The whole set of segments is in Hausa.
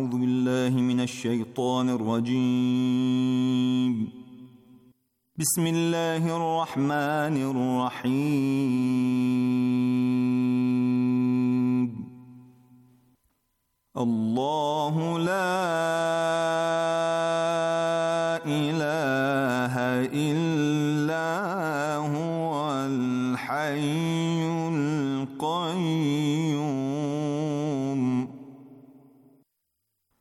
أعوذ بالله من الشيطان الرجيم بسم الله الرحمن الرحيم الله لا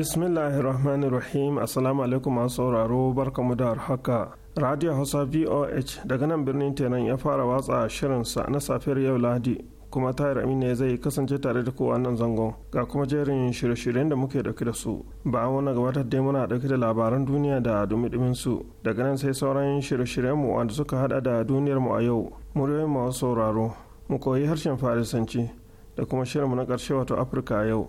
bismillahirrahmanirrahim assalamu alaikum masu sauraro barkamu da haka radio hausa voh daga nan birnin tenan ya fara watsa shirin shirinsa na safiyar yau lahadi kuma tahir amina ne zai kasance tare da kowa nan zangon ga kuma jerin shirye-shiryen da muke dauke da su ba wani gabatar dai muna dauke da labaran duniya da dumi su daga nan sai sauran shirye-shiryen mu wanda suka hada da duniyar mu a yau muryoyin masu sauraro mu koyi harshen farisanci da kuma shirin mu na karshe wato afirka a yau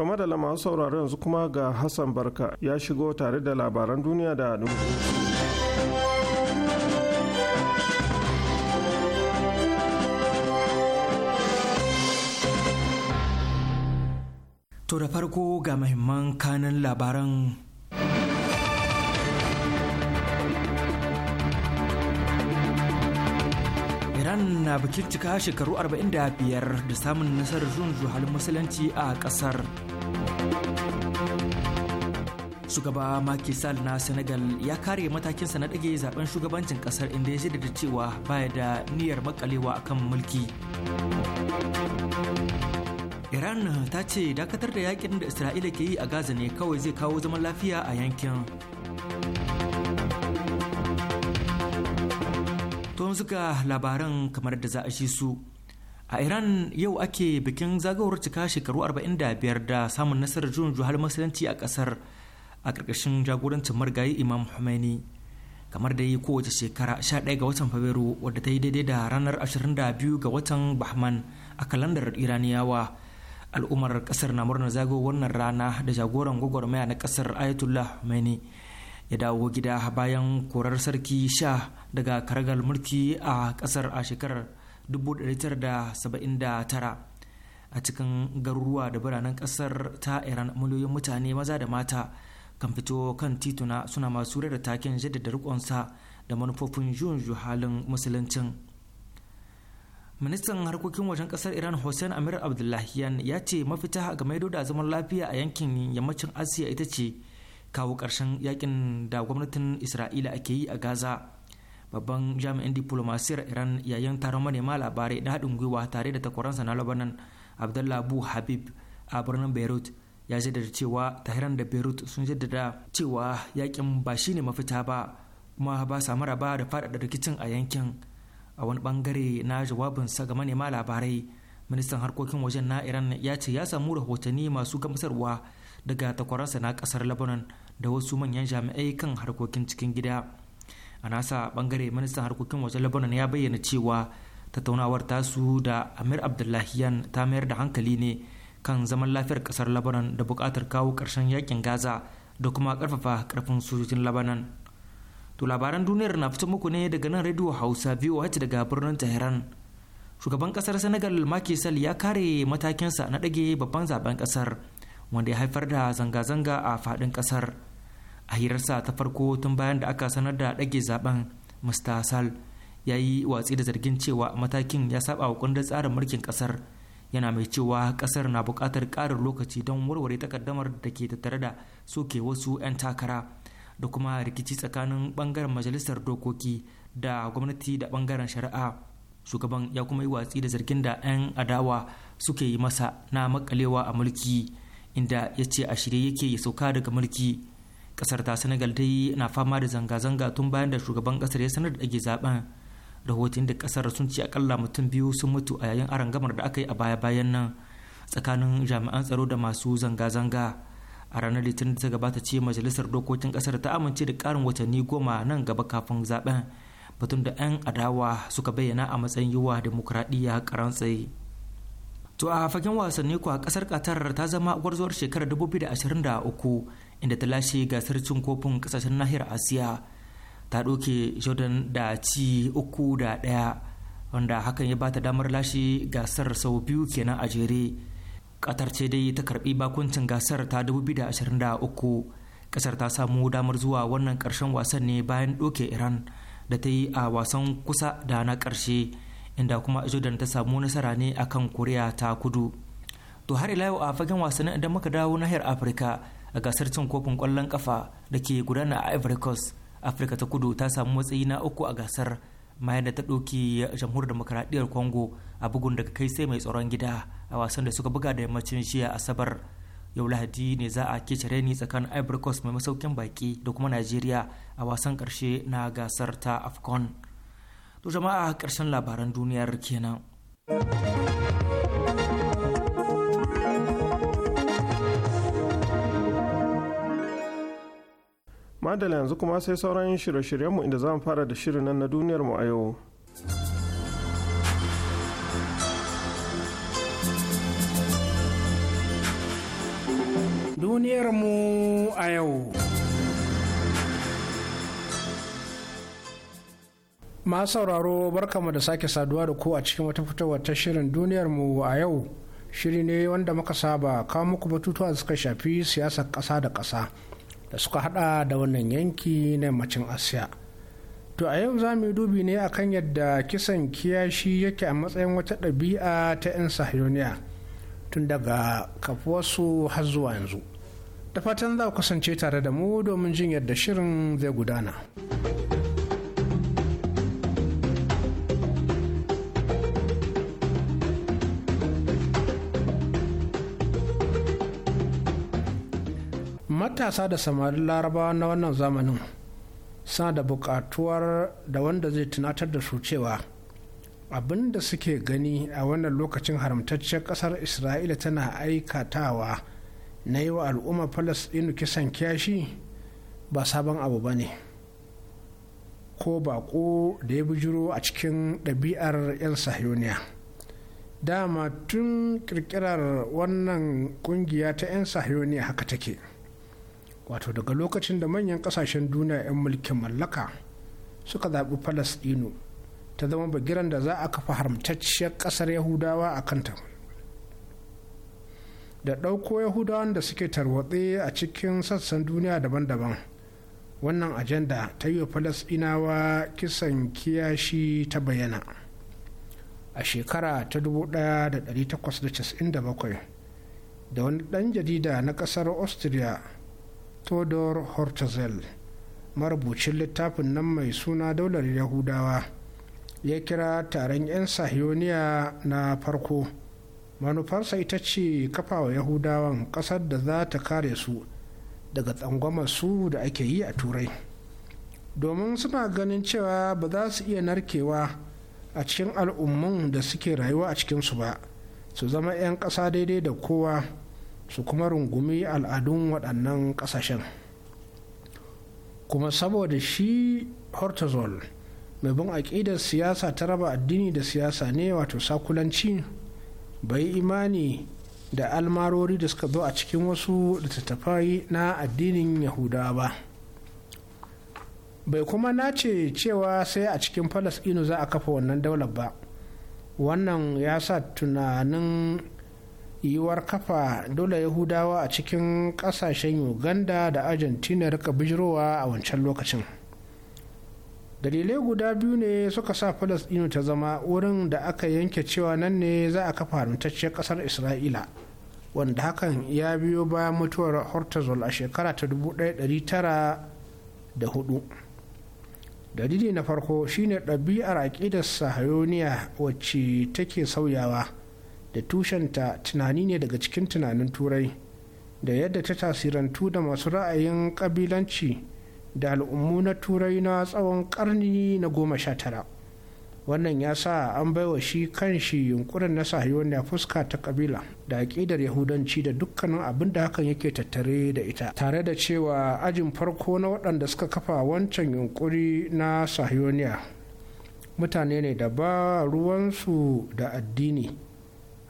To madalla masu sauraro yanzu kuma ga Hassan Barka ya shigo tare da labaran duniya da To da farko ga mahimman kanan labaran Iran na bikin cika shekaru 45 da samun nasarar jun halin musulunci a ƙasar. shugaba Macky Sall na Senegal ya kare matakinsa na ɗage zaben shugabancin ƙasar inda ya da cewa baya da niyyar makalewa kan mulki. Iran ta ce dakatar da yakin da Isra'ila ke yi a Gaza ne kawai zai kawo zaman lafiya a yankin. Tun suka labaran kamar da za a shi su a iran yau ake bikin zagawar cika shekaru 45 da samun nasarar juyin juhal musulunci a kasar a ƙarƙashin jagorancin margayi imam Khomeini kamar da yi kowace shekara 11 ga watan fabrairu wadda ta yi daidai da ranar 22 ga watan bahman a kalandar iraniyawa al'ummar kasar na murnar zagawar wannan rana da jagoran gwagwarmaya na kasar ayatollah Khomeini ya dawo gida bayan korar sarki sha daga karagar mulki a kasar a shekarar 1979 a cikin garuruwa da biranen kasar ta iran miliyoyin mutane maza da mata kan fito kan tituna suna masu da taken jaddada rikonsa da manufofin jun halin musuluncin ministan harkokin wajen kasar iran hussein amir abdullahiyan ya ce mafita ga maido da zaman lafiya a yankin yammacin asiya ita ce kawo karshen yakin da gwamnatin isra'ila ake yi a gaza babban jami'in diplomasiyar iran yayin taron manema labarai na haɗin gwiwa tare da takwaransa na labanan abdullah habib a birnin beirut ya jaddada cewa tahiran da beirut sun jaddada cewa yakin ba shi ne mafita ba kuma ba sa maraba da faɗaɗa rikicin a yankin a wani bangare na jawabinsa ga manema labarai ministan harkokin wajen na iran ya ce ya samu rahotanni masu gamsarwa daga takwaransa na kasar labanan da wasu manyan jami'ai kan harkokin cikin gida a nasa bangare ministan harkokin waje labanan ya bayyana cewa tattaunawar tasu da amir abdullahiyan ta mayar da hankali ne kan zaman lafiyar kasar labanan da buƙatar kawo ƙarshen yakin gaza da kuma ƙarfafa karfin sojojin labanan to labaran duniyar na fito muku ne daga nan rediyo hausa biyu voh daga birnin tehran shugaban kasar senegal Macky Sall ya kare matakinsa na dage babban zaben kasar wanda ya haifar da zanga-zanga a faɗin kasar a hirarsa ta farko tun bayan da aka sanar da ɗage zaben mr sal ya yi watsi da zargin cewa matakin ya saba wa kundin tsarin mulkin kasar yana mai cewa kasar na bukatar ƙarin lokaci don warware takaddamar da ke tattare da soke wasu 'yan takara da kuma rikici tsakanin bangaren majalisar dokoki da gwamnati da bangaren shari'a shugaban ya kuma yi watsi da zargin da 'yan adawa suke yi masa na makalewa a mulki inda ya ce a shirye yake ya sauka daga mulki kasar ta senegal dai na fama da zanga-zanga tun bayan da shugaban kasar ya sanar da ake zaben rahoton da kasar sun ci akalla mutum biyu sun mutu a yayin arangamar da aka yi a baya-bayan nan tsakanin jami'an tsaro da masu zanga-zanga a ranar litinin da ta gabata ce majalisar dokokin kasar ta amince da karin watanni goma nan gaba kafin zaben batun da 'yan adawa suka bayyana a matsayin yiwa demokradiyya karan tsaye To a fagen wasanni kuwa kasar Qatar ta zama gwarzuwar shekarar 2023 inda ta lashe gasar cin kofin kasashen nahiyar Asiya ta ɗauke Jordan da ci uku da ɗaya wanda hakan ya bata damar lashe gasar sau biyu kenan a jere. Qatar ce dai ta karbi bakuncin gasar ta 2023 kasar ta samu damar zuwa wannan karshen wasan ne bayan doke Iran da ta yi a wasan kusa da na karshe. inda kuma jordan ta samu nasara ne akan koriya ta kudu to har ila yau a fagen wasannin idan muka dawo nahiyar afirka a gasar cin kofin kwallon kafa da ke gudana a ivory coast afirka ta kudu ta samu matsayi na uku a gasar bayan da ta ɗauki jamhuriyar demokaradiyyar congo a bugun daga kai sai mai tsaron gida a wasan da suka buga da yammacin shiya asabar yau lahadi ne za a kece reni tsakanin ivory coast mai masaukin baki da kuma nigeria a wasan karshe na gasar ta afcon To jama'a ƙarshen labaran duniyar kenan. Madala yanzu kuma sai sauran shirye-shiryenmu inda za mu fara da shirin nan na duniyarmu a yau. Duniyar mu a yau. masu sauraro barkamu da sake saduwa da ku a cikin wata fitowar ta shirin duniyar mu a yau shiri ne wanda muka saba kawo muku batutuwa da suka shafi siyasar kasa da kasa da suka hada da wannan yanki na yammacin asiya to a yau za mu yi dubi ne akan yadda kisan kiyashi yake a matsayin wata ɗabi'a ta 'yan sahiyoniya tun daga kafuwarsu har zuwa yanzu da fatan za ku kasance tare da mu domin jin yadda shirin zai gudana. matasa da samarin larabawa na wannan zamanin suna da buƙatuwar da wanda zai tunatar da su cewa abin da suke gani a wannan lokacin haramtaccen kasar isra'ila tana aikatawa na yi wa al'ummar falasɗinu kisan kyashi ba sabon abu ba ne ko baƙo da ya bijiro a cikin ɗabi'ar 'yan sahiyoniya dama tun ƙirƙirar wannan ƙungiya ta 'yan sahiyoniya haka take. wato daga lokacin da manyan kasashen duniya 'yan mulkin mallaka suka zaɓi falasɗinu ta zama bagiran da za a kafa haramtacciyar ƙasar yahudawa a kanta da ɗauko yahudawan da suke tarwatse a cikin sassan duniya daban-daban wannan ajanda ta yi wa falasɗinawa kisan kiyashi ta bayyana a shekara ta 1897 da wani ɗan jarida na ƙasar austria todor hortzel marubucin littafin nan mai suna daular yahudawa ya kira taron 'yan sahiyoniya na farko manufarsa ita ce kafawa yahudawan ƙasar da za ta kare su daga tsangwamar su da ake yi a turai domin suna ganin cewa ba za su iya narkewa a cikin al'ummun da suke rayuwa a cikinsu ba su zama 'yan ƙasa daidai da kowa su kuma rungumi al'adun waɗannan ƙasashen kuma saboda shi hortazol mai bin aƙidar siyasa ta raba addini da siyasa ne wato sakulanci bai imani da almarori da suka zo a cikin wasu littattafai na addinin yahuda ba bai kuma nace cewa sai a cikin falasɗinu za a kafa wannan daular ba wannan ya sa tunanin yiwuwar kafa dole yahudawa a cikin kasashen uganda da argentina rika bijirowa a wancan lokacin dalilai guda biyu ne suka sa falasɗinu ta zama wurin da aka yanke cewa nan ne za a kafa haramtacciyar ƙasar isra'ila wanda hakan ya biyo bayan mutuwar hortazol a shekara ta dubu da 1904 dalili na farko shine ɗabi'ar aƙidar sahayoniya wacce take sauyawa da tushenta tunani ne daga cikin tunanin turai da yadda ta tasirantu da masu ra'ayin ƙabilanci da al'ummu na turai na tsawon ƙarni na goma sha tara wannan ya sa an baiwa shi kan shi yunkurin na sahiyoni fuska ta kabila da aƙidar yahudanci da dukkanin abin da hakan yake tattare da ita tare da cewa ajin farko na waɗanda suka kafa wancan yunkuri na sahiyoniya mutane ne da ba ruwansu da addini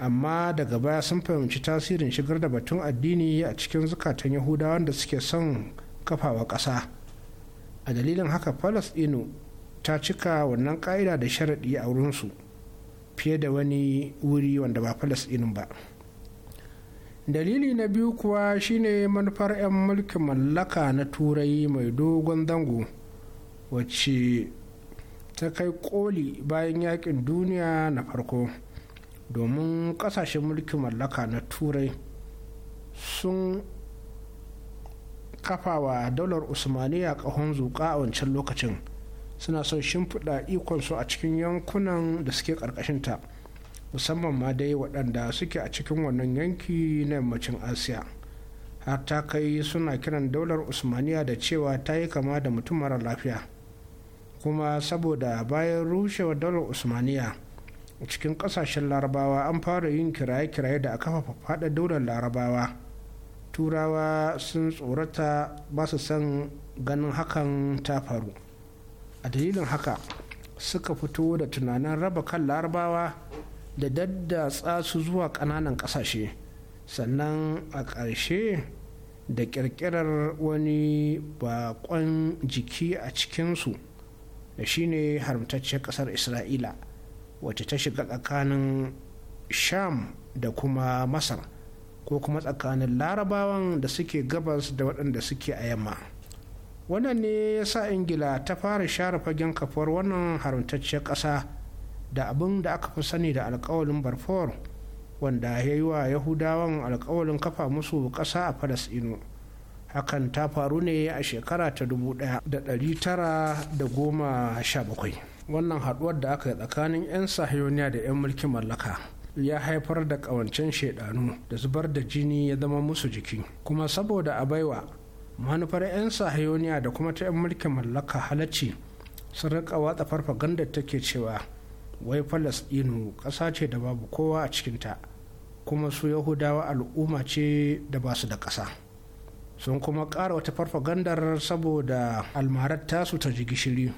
amma daga baya sun fahimci tasirin shigar da batun addini a cikin zukatan yahudawa da suke son kafawa ƙasa a dalilin haka falasɗinu ta cika wannan ƙa'ida da sharaɗi a wurinsu fiye da wani wuri wanda ba palestinin ba dalili na biyu kuwa shine manufar 'yan mulkin mallaka na turai mai dogon zango wacce ta kai koli bayan yakin duniya na farko domin kasashen mulkin mallaka na turai sun kafa wa daular usmaniya ƙahon zuƙa a wancan lokacin suna son shimfiɗa ikonsu a cikin yankunan da suke ƙarƙashinta musamman ma dai waɗanda suke a cikin wannan yanki na yammacin asiya har ta kai suna kiran daular usmaniya da cewa ta yi kama da mutum mara lafiya kuma saboda bayan rushewar daular usmaniya cikin kasashen larabawa an fara yin kiraye-kiraye da a kafa faɗa daular larabawa turawa sun tsorata ba su son ganin hakan ta faru a dalilin haka suka fito da tunanin raba kan larabawa da daddatsa su zuwa ƙananan ƙasashe sannan a ƙarshe da ƙirƙirar wani baƙon jiki a cikinsu da shine haramtacciyar ƙasar isra'ila wacce ta shiga tsakanin sham da kuma masar ko kuma tsakanin larabawan da suke gabas da waɗanda suke a yamma wannan ne ya sa ingila ta fara share fagen kafuwar wannan haramtacciyar ƙasa da abin da aka fi sani da alkawalin barfor wanda ya yi wa yahudawan alkawalin kafa musu ƙasa a falasino hakan ta faru ne a shekara ta 1917 wannan haɗuwar da aka yi tsakanin 'yan sahayoniya da 'yan mulkin mallaka ya haifar da ƙawancen shaidanu da zubar da jini ya zama musu jiki kuma saboda a baiwa manufar 'yan sahayoniya da kuma ta 'yan mulkin mallaka halacci sun rika watsa farfaganda take cewa wai falasɗinu ƙasa ce da babu kowa a cikinta kuma su yahudawa al'umma ce da ba su da ƙasa sun kuma ƙara wata farfagandar saboda almarar tasu ta ji gishiri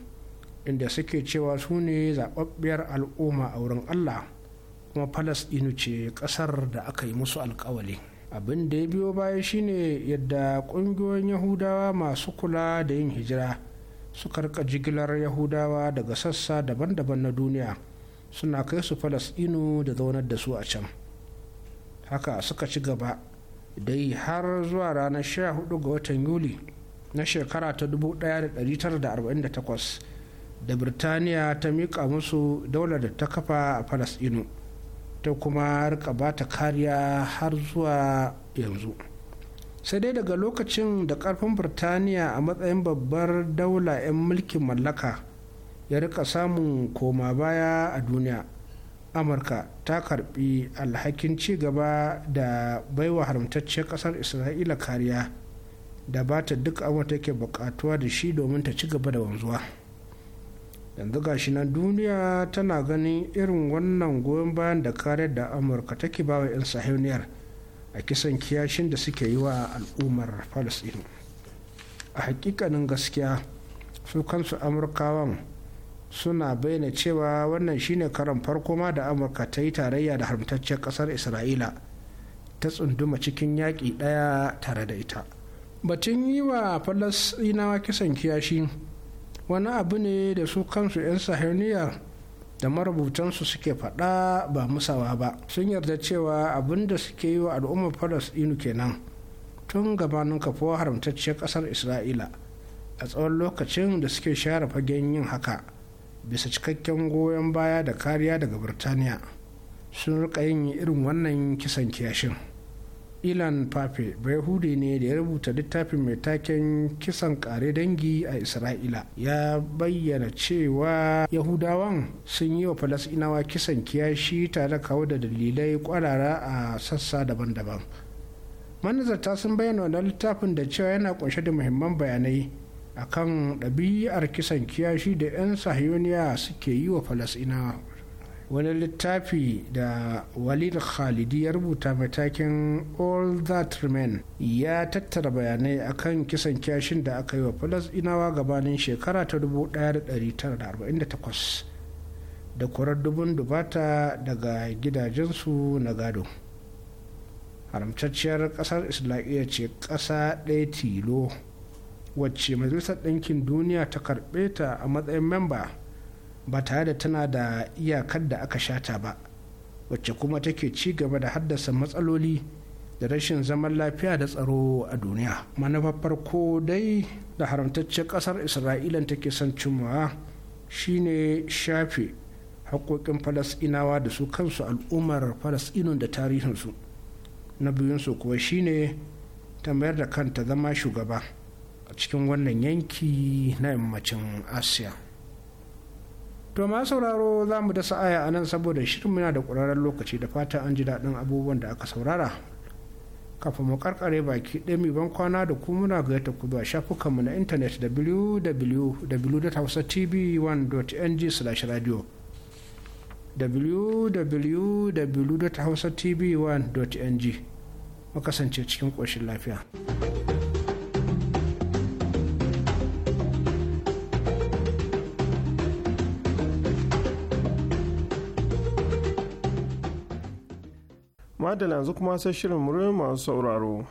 inda suke cewa su ne zaɓaɓɓiyar al'umma a wurin allah kuma falasɗinu ce ƙasar da aka yi musu alkawali abin da ya biyo baya shine yadda ƙungiyoyin yahudawa masu kula da yin hijira suka rika jigilar yahudawa daga sassa daban-daban na duniya suna kai su falasɗinu da zaunar da su a can haka suka ci gaba dai har zuwa ranar 14 ga watan yuli na shekara ta 1948 da birtaniya ta miƙa musu daular da ta kafa a falasɗinu ta kuma rika ta kariya har zuwa yanzu sai dai daga lokacin da ƙarfin birtaniya a matsayin babbar daula 'yan mulkin mallaka ya rika samun koma baya a duniya amurka ta karbi alhakin ci gaba da baiwa haramtacciyar ƙasar isra'ila kariya da ba ta duk abin take bukatuwa da shi domin ta ci gaba da wanzuwa. yanzu gashi nan duniya tana ganin irin wannan goyon bayan da kariyar da amurka take bawa 'yan sahiyoniyar a kisan kiyashin da suke yi wa al'ummar palestine a hakikanin gaskiya su kansu amurkawan suna bayyana cewa wannan shine karan farko ma da amurka ta yi tarayya da haramtaccen kasar isra'ila ta tsunduma cikin yaƙi ɗaya tare da ita batun yi wa falasɗinawa kisan kiyashi wani abu ne da su kansu 'yan sahiyoniya da marubutansu suke faɗa ba musawa ba sun yarda cewa abin da suke yi wa al'ummar inu kenan tun gabanin kafuwa haramtacciyar ƙasar isra'ila a tsawon lokacin da suke share fagen yin haka bisa cikakken goyon baya da kariya daga birtaniya sun rika yin irin wannan kisan kiyashin. ilan pape hude ne da ya rubuta littafin mai taken kisan kare dangi a isra'ila ya bayyana cewa yahudawan sun yi wa falasinawa kisan kiyashi tare da kawo da dalilai kwarara a sassa daban-daban manazarta sun bayyana wannan littafin da cewa yana kunshe da muhimman bayanai akan ɗabi'ar kisan kiyashi da 'yan sahiyoniya suke yi wa falasinawa wani littafi da walid khalidi ya rubuta matakin all that remain ya tattara bayanai akan kisan kyashin da aka yi wa falasɗinawa gabanin shekara ta 1948 da kurar dubun dubata daga gidajensu na gado haramtacciyar kasar Isla'iyya ce ƙasa ɗaya tilo wacce majalisar ɗinkin duniya ta karɓe ta a matsayin memba ba tare da tana da iyakar da aka shata ba wacce kuma take ci gaba da haddasa matsaloli da rashin zaman lafiya da tsaro a duniya manufar farko dai da haramtaccen kasar isra'ila take son cimmawa shine shafe haƙoƙin falasɗinawa da su kansu al'ummar falasinun da tarihinsu na biyunsu kuwa shine ta mayar da kanta zama shugaba a cikin wannan yanki na yammacin asiya to ma sauraro za mu da sa'aya a nan saboda shirin muna da ƙwararren lokaci da fata an ji daɗin abubuwan da aka saurara kafin mu karkare baki ɗaya mai ban kwana da ku muna gayyata ku zuwa shafukanmu na intanet www.hausatv1.ng/radio www.hausatv1.ng mu kasance cikin ƙoshin lafiya. madala yanzu kuma sai shirin murin masu sauraro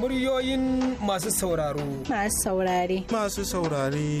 muryoyin masu sauraro masu saurare masu saurare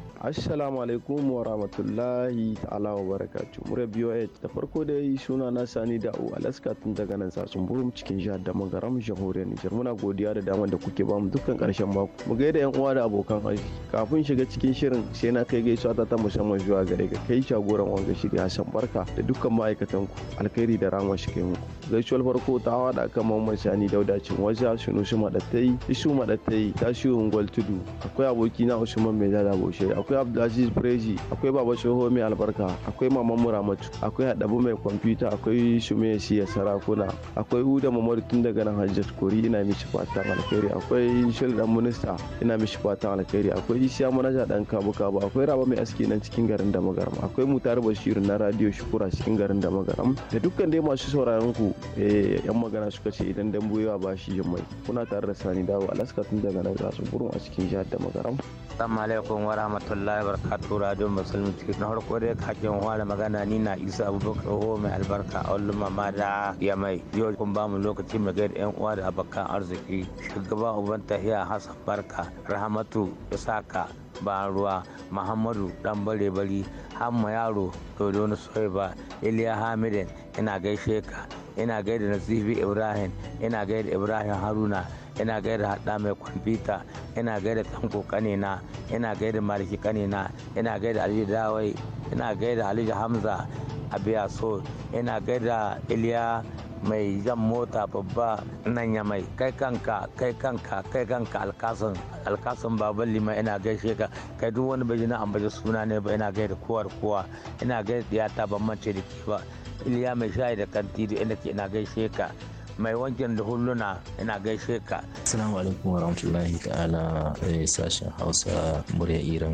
Assalamu alaikum wa rahmatullahi ta'ala wa barakatu Mura BOH da farko da yi suna na Sani da Da'u Alaska tun daga nan sun burum cikin jihar da magaram jamhuriyar Nijar. Muna godiya da damar da kuke bamu dukkan karshen mako. Mu gaida yan uwa da abokan aiki. Kafin shiga cikin shirin sai na kai gaisuwa ta ta musamman zuwa gare ka kai shagoran wanga shirya Hassan Barka da dukkan ma'aikatan ku. Alkhairi da rama shi kai muku. Gaisuwar farko ta hawa da kan maman Sani Dauda cin waja Sunusu Madattai, Isu Madattai, Tasiu Ungwal Tudu. Akwai aboki na Usman Mai Dada Boshe. akwai abdulaziz preji akwai baba shoho mai albarka akwai maman muramatu akwai haɗabu mai kwamfuta akwai shume ya sarakuna akwai uda mamadu tun daga nan hajjat kori ina mishi fatan alkhairi akwai shul dan minista ina mishi fatan alkhairi akwai isiya manaja dan kabu kabu akwai raba mai aski nan cikin garin da magaram akwai mutar bashir na radio shukura cikin garin da magaram da dukkan dai masu sauraron ku eh, yan magana suka ce idan dan boyewa ba shi mai kuna tare da sani dawo alaska tun daga nan gasu gurin a cikin jihar da magaram assalamu alaikum wa rahmatullahi wa barakatuhu radio musulmi na farko dai kakin wani magana ni na isa abubakar ho mai albarka a wani mama da ya mai yau kun ba mu lokaci mu gaida yan uwa da abokan arziki shugaba uban tahiya hassan barka rahmatu isaka ban ruwa muhammadu dan bare bari hamma yaro dodo na soyaba iliya hamidin ina gaishe ka ina gaida nasibi ibrahim ina gaida ibrahim haruna ina gaida hada mai kwamfuta ina gaida tanko kanina ina gaida maliki kanina ina gaida aliyu dawai ina gaida aliyu hamza abiya so ina gaida iliya mai jan mota babba nan ya mai kai kanka kai kanka kai kanka alkasan alkasan baban lima ina gaishe ka kai duk wani bai na ambaci suna ne ba ina gaida kowar kowa ina gaida ta ban mance da ke ba iliya mai shayi da kantiri inda ke ina gaishe ka mai wankin da hulluna ina gaishe ka assalamu alaikum rahmatullahi ta'ala a eh, sashen hausa murya iran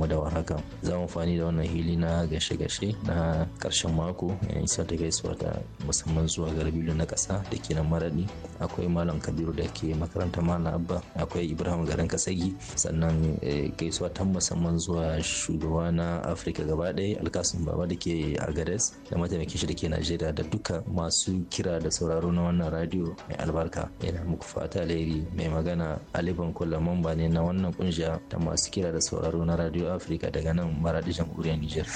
mu da warhaka za mu fani da wannan hili na gashe-gashe na karshen mako eh, isa ta gaisuwa ta musamman zuwa garbilu na ƙasa da ke nan maradi akwai malam kabiru da ke makaranta malam abba akwai ibrahim garin kasagi sannan eh, gaisuwa ta musamman zuwa shugaba na afirka gaba ɗaya alkasun baba da ke agades da mataimakin shi da ke najeriya da duka masu kira da sauraro na wannan wannan radio mai albarka ina muku fata alheri mai magana ali bankola mamba ne na wannan kungiya ta masu kira da sauraro na radio africa daga nan maradi jamhuriyar niger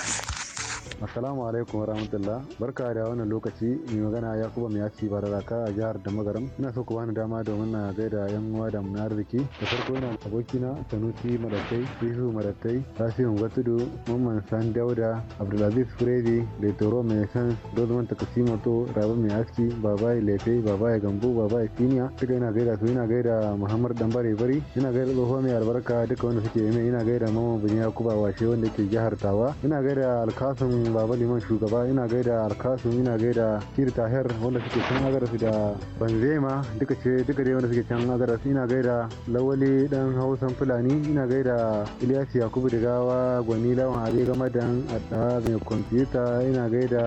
Assalamu alaikum warahmatullah. Barka da wannan lokaci mai magana Yakuba mai yaci raka a jihar da magaram. Ina so ku bani dama domin na gaida yan uwa da mun arziki. Da farko ina abokina Sanusi Madatai, Isu Madatai, Rasim Gatudu, Mamman San Dauda, Abdulaziz Furedi, da Toro mai san Dozman Takasimato, rabu mai aski, Babaye Lefe, Babaye Gambo, Babaye Siniya. Duka ina gaida su ina gaida Muhammad Dambare Bari, ina gaida tsoho mai albarka duka wanda suke yi ina gaida Mamman Bini Yakuba Washe wanda ke jihar Tawa, ina gaida alkasun alkasim baba liman shugaba ina gaida alkasu ina gaida shir tahir wanda suke can agaras da banzema duka ce duka dai wanda suke can agaras ina gaida lawali dan hausan fulani ina gaida ilyas yakubu gawa gwani lawan abe game da adda mai kwamfuta ina gaida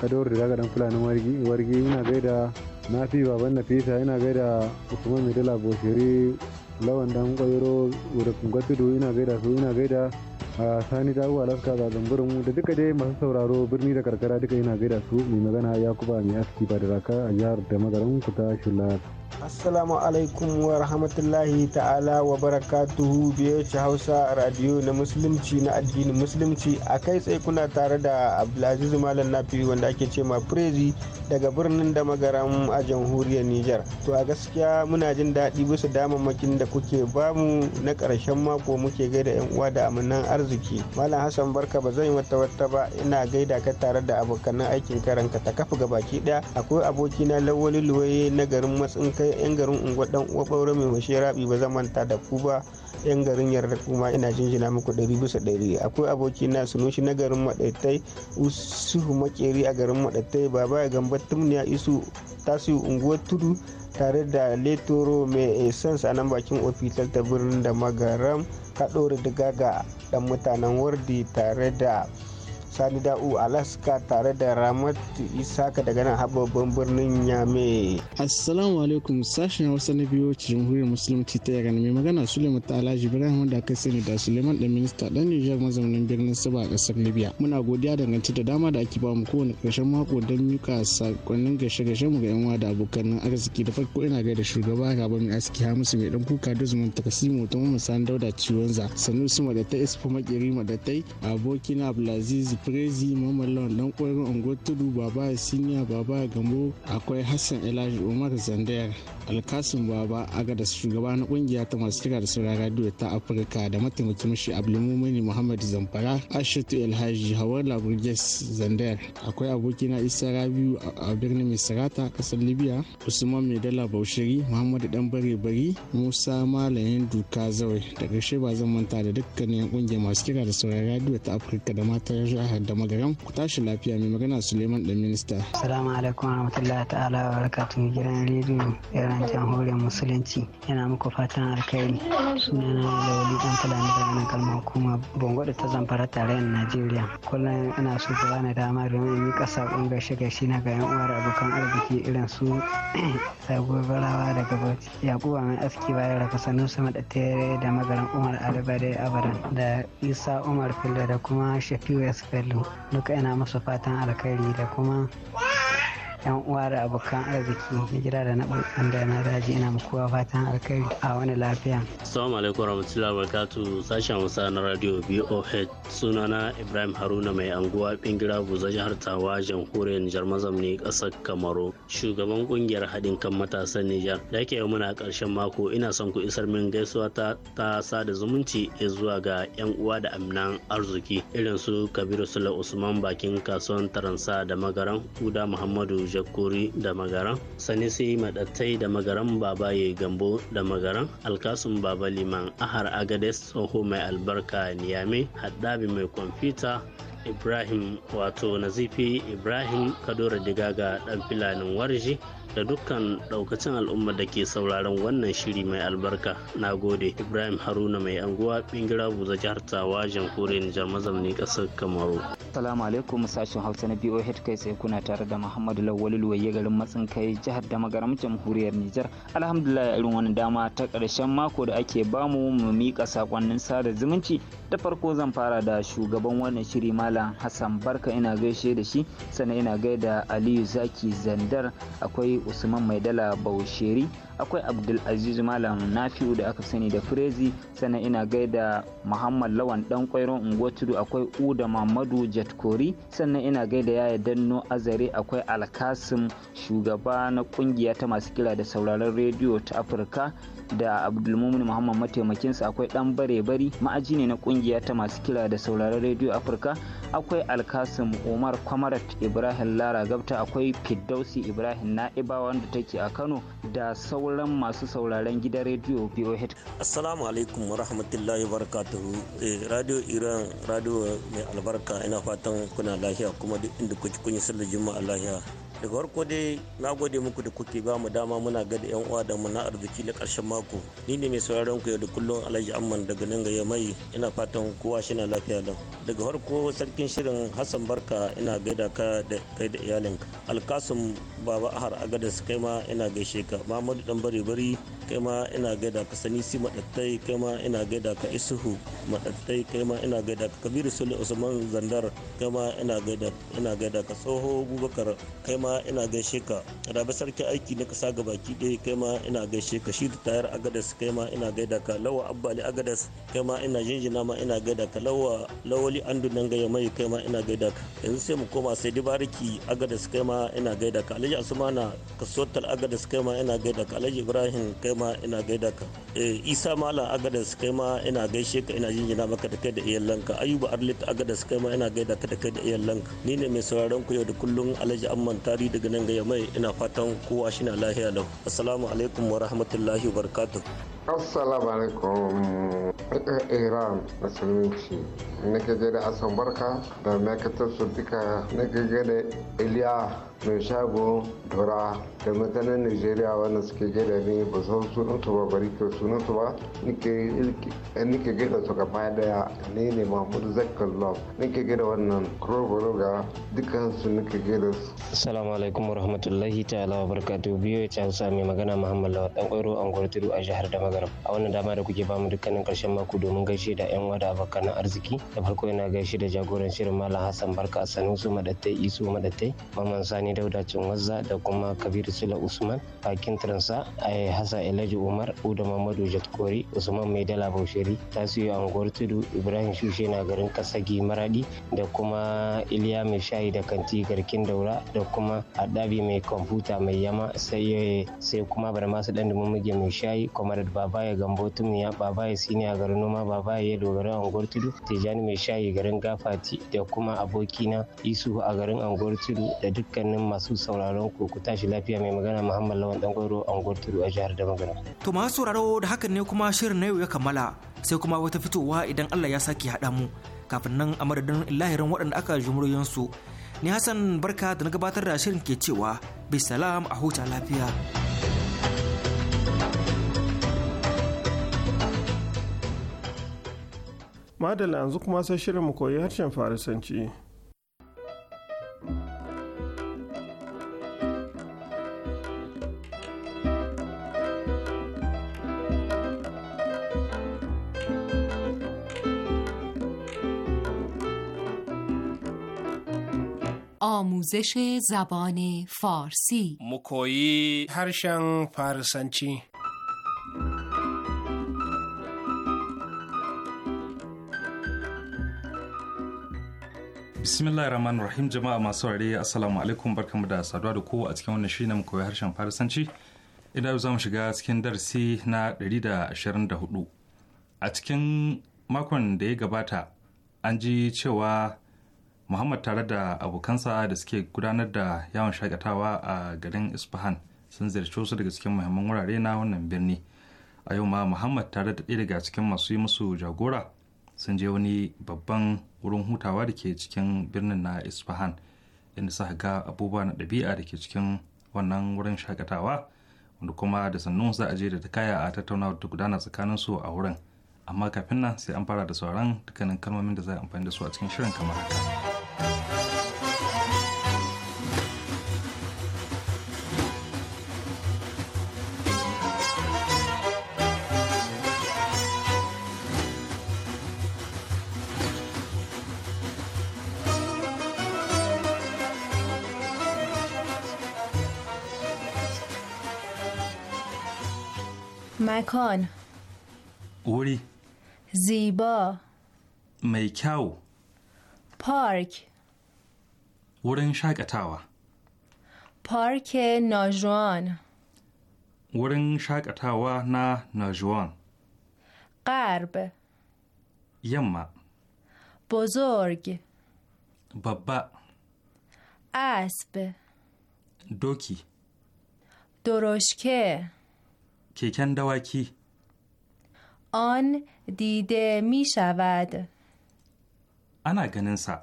da digaga dan fulani wargi ina gaida na fi baban nafisa ina gaida usman mai dala boshiri lawan dan kwairo da kungatudu ina gaida su ina gaida a sani dawo alaska ga zamburin da duka dai masu sauraro birni da karkara duka yana gaida su mai magana yakuba mai aski ba da raka a jihar da magaran kuta ta assalamu alaikum wa rahmatullahi ta'ala wa barakatuhu ci hausa radio na musulunci na addinin musulunci a kai tsaye kuna tare da abdulaziz malam nafi wanda ake ce ma prezi daga birnin da magaram a jamhuriyar niger to a gaskiya muna jin daɗi bisa damammakin da kuke bamu na ƙarshen mako muke gaida yan uwa da amanan arziki malam hassan barka ba zan yi wata wata ba ina gaida ka tare da abokanan aikin karanka ta kafa gabaki ɗaya akwai abokina lawali luwaye na garin matsin kai yan garin unguwar dan uwa ɓaure mai hoshe rabi ba zan manta da ku ba yan garin yarda kuma ina jinjina muku ɗari bisa ɗari akwai aboki na sunushi na garin maɗaitai usuhu makeri a garin maɗaitai ba ya gamba tumniya isu tasiri unguwar tudu tare da letoro mai essence a nan bakin ofital ta birnin da magaram kaɗore daga ga ɗan mutanen wardi tare da sani da'u alaska tare da ramatu isaka daga nan hababen birnin yame assalamu alaikum sashen hausa na biyu jamhuriyar musulunci ta yaran mai magana suleiman ta alhaji ibrahim da aka sani da suleiman dan minista dan nijar mazaunin birnin saba a kasar libya muna godiya dangance da dama da ake ba mu kowane karshen mako don mika sakonnin gashe-gashe mu ga yan da abokan arziki da farko ina gaida shugaba gaba mai aski hamisu mai dan kuka da zumun mu ta mu sani dauda za. sanusi madatai isfu makeri madatai abokina abdulaziz Prezi Muhammad Lawan dan kwarin Ungo Tudu Baba Siniya Baba Gambo akwai Hassan Elaji Umar Zandayar Alkasim Baba da shugaba na kungiya ta masu kira da sauran radio ta Afirka da mataimakin shi Abdulmumini Muhammad Zamfara Ashatu Elhaji hawar laburges Zandayar akwai abokina Isa Rabiu a birnin Misrata kasar Libya Usman Maidala Baushiri Muhammad Dan Bare Bari Musa Malayin Duka Zawai da ƙarshe ba zan manta da dukkanin kungiyar masu kira da sauran radio ta Afirka da mata jihar da ku tashi lafiya mai magana suleiman dan minista assalamu alaikum wa warahmatullahi ta'ala wa barakatuhu gidan rediyo iran jamhuriyar musulunci yana muku fatan alkhairi sunana da wali dan fulani daga nan kalmar hukuma bongo da ta zamfara tarayyar najeriya kullum ina so ku bani dama da in yi kasa gashi gashi na ga yan uwar abokan arziki irin su sabuwar daga bauchi yakuba mai aski bayan raka sanusi sama da magaran umar alibade abaran da isa umar filla da kuma shafiu Bello duka ina masa fatan alkhairi da kuma yan uwa da abokan arziki na gida da na ɓangaren da na daji ina muku fatan alkhairi a wani lafiya. Assalamu alaikum warahmatullahi wabarakatuh sashen Hausa na radio BOH sunana Ibrahim Haruna mai anguwa bingira buza jihar Tawa jamhuriyar Nijar ne ƙasar Kamaru shugaban ƙungiyar haɗin kan matasan Nijar da yake muna ƙarshen mako ina son ku isar min gaisuwa ta ta sada zumunci zuwa ga yan uwa da aminan arziki irin su Kabiru Sula Usman bakin kasuwan Taransa da Magaran Uda Muhammadu jakuri da magaran sai madattai da magaran baba ya gambo da magaran alkasun baba liman ahar agades tsoho mai albarka niyame haddabi mai kwamfuta ibrahim wato nazifi ibrahim kadora diga ga dan filanin warji da dukkan daukacin al'umma da ke sauraron wannan shiri mai albarka na gode ibrahim haruna mai anguwa bingira buza jihar tawa jamhuriyar nijar mazamni kasar kamaru salamu alaikum sashen hausa na boh kai sai kuna tare da muhammadu lawal luwaye garin matsin kai jihar da magaram jamhuriyar nijar alhamdulillah irin wani dama ta karshen mako da ake bamu mu mika sakonnin sada zumunci da farko zan fara da shugaban wannan shiri malam hassan barka ina gaishe da shi sannan ina gaida aliyu zaki zandar akwai usman maidala bausheri akwai abdulaziz malam nafi'u da aka sani da firezi sannan ina gaida muhammad lawan dan kwairon unguwatudu akwai uda mamadu jatkori sannan ina gaida yaya danno azare akwai alkasim shugaba na kungiya ta masu kira da sauraron rediyo ta afirka da abdulmumin muhammad mataimakinsa akwai dan bare bari ma'aji ne na kungiya ta masu kira da sauraron rediyo afirka akwai alkasim umar kwamarat ibrahim lara gabta akwai fiddausi ibrahim na'iba wanda take a kano da sauran masu sauraron gidan rediyo boh assalamu alaikum wa rahmatullahi eh, radio iran radio mai albarka ina fatan kuna lafiya kuma duk inda kuke kun yi sallar juma'a lahiya. daga farko dai na gode muku da kuke ba mu dama muna gada yan uwa da muna arziki na karshen mako ni ne mai sauraron ku yau da kullum alhaji amman daga nan ga yamai ina fatan kowa shina lafiya lau daga farko sarkin shirin hassan barka ina gaida ka da kai da iyalinka alkasum baba ahar agadas kai ma ina gaishe ka mamadu dan bare bari kai ma ina gaida ka sanisi madattai kai ma ina gaida ka isuhu madattai kai ma ina gaida ka kabiru sule usman zandar kai ma ina gaida ka tsoho bubakar kai ma ma ina gaishe ka rabe sarki aiki na kasa gabaki ɗaya kai ma ina gaishe ka shi tayar agadas kai ma ina gaida ka lawa abbali agadas kai ma ina jinjina ma ina gaida ka lawa lawali andu nan gaya mai kai ma ina gaida ka yanzu sai mu koma sai dibariki agadas kai ma ina gaida ka alhaji asmana kasotal agadas kai ma ina gaida ka alhaji ibrahim kai ma ina gaida ka isa malam agadas kai ma ina gaishe ka ina jinjina maka da kai da iyalanka ayuba arlit agadas kai ma ina gaida ka da kai da iyalanka ni ne mai sauraron ku yau da kullun alhaji amman ta Buhari daga nan ga mai ina fatan kowa shi na lahiya lau. Assalamu alaikum wa rahmatullahi wa barakatuh. assalamu alaikum iran musulunci na gaje da asan barka da ma'aikatar su duka na gaje da iliya mai shago dora da mutanen nigeria wanda suke gada ne ba san sunan su ba bari ke sunan su ba nike gada su gaba daya ne ne mahmud zakalov nike gada wannan kuroboro ga dukkan su nike gada su assalamu alaikum warahmatullahi ta'ala wa barakatuhu biyo ya ta hausa magana muhammad lawa dan kwaro an gwarturu a jihar da magana Zaram. a wannan dama da kuke bamu dukkanin ƙarshen mako domin gaishe da yan wada abokan arziki da farko yana gaishe da jagoran shirin malam hassan barka sanusu madattai isu madattai maman sani dauda Cinwazza da kuma kabir sula usman bakin transa a hasa elaji umar uda mamadu jatkori usman Maidala dala bausheri tasiyo anguwar tudu ibrahim shushe na garin kasagi maradi da kuma iliya mai shayi da kanti garkin daura da kuma adabi mai kwamfuta mai yama sai kuma bari ɗan da mamage mai shayi da babaye gambo ya babaye a garin noma babaye ya dogara anguwar tudu tijani mai shayi garin gafati da kuma abokina isu a garin anguwar tudu da dukkanin masu sauraron ku tashi lafiya mai magana muhammad lawan dangwaro anguwar tudu a jihar da magana. to masu sauraro da hakan ne kuma shirin na yau ya kammala sai kuma wata fitowa idan allah ya sake haɗa mu kafin nan a madadin lahirin waɗanda aka jumuriyansu ni hassan barka da na gabatar da shirin ke cewa bisalam a huta lafiya. madala yanzu kuma sai shirin mu koyi harshen farisanci آموزش زبان فارسی مکویی هرشن فارسنچی bismillahir rahim jama'a masu ware assalamu alaikum barkamu da saduwa da ku a cikin wannan shirin mu koyi harshen farisanci idan za mu shiga cikin darasi na 124 a cikin makon da ya gabata an ji cewa muhammad tare da abokansa da suke gudanar da yawon shakatawa a garin isfahan sun ziyarci wasu daga cikin muhimman wurare na wannan birni a yau ma muhammad tare da ɗaya daga cikin masu yi musu jagora sun je wani babban wurin hutawa da ke cikin birnin na isfahan inda suka ga abubuwa na ɗabi'a da ke cikin wannan wurin shakatawa wanda kuma da sannu za a je da ta kaya a tattaunawa ta gudana tsakanin su a wurin amma kafin nan sai an fara da sauran dukkanin kalmomin da za a amfani da su a cikin shirin kamar haka. مکان وری زیبا میکاو پارک ورن شاکتاوا پارک ناجوان ورن شاکتاوا نا ناجوان قرب یما بزرگ بابا اسب دوکی درشکه کیکن دواکی آن دیده می شود انا گننسا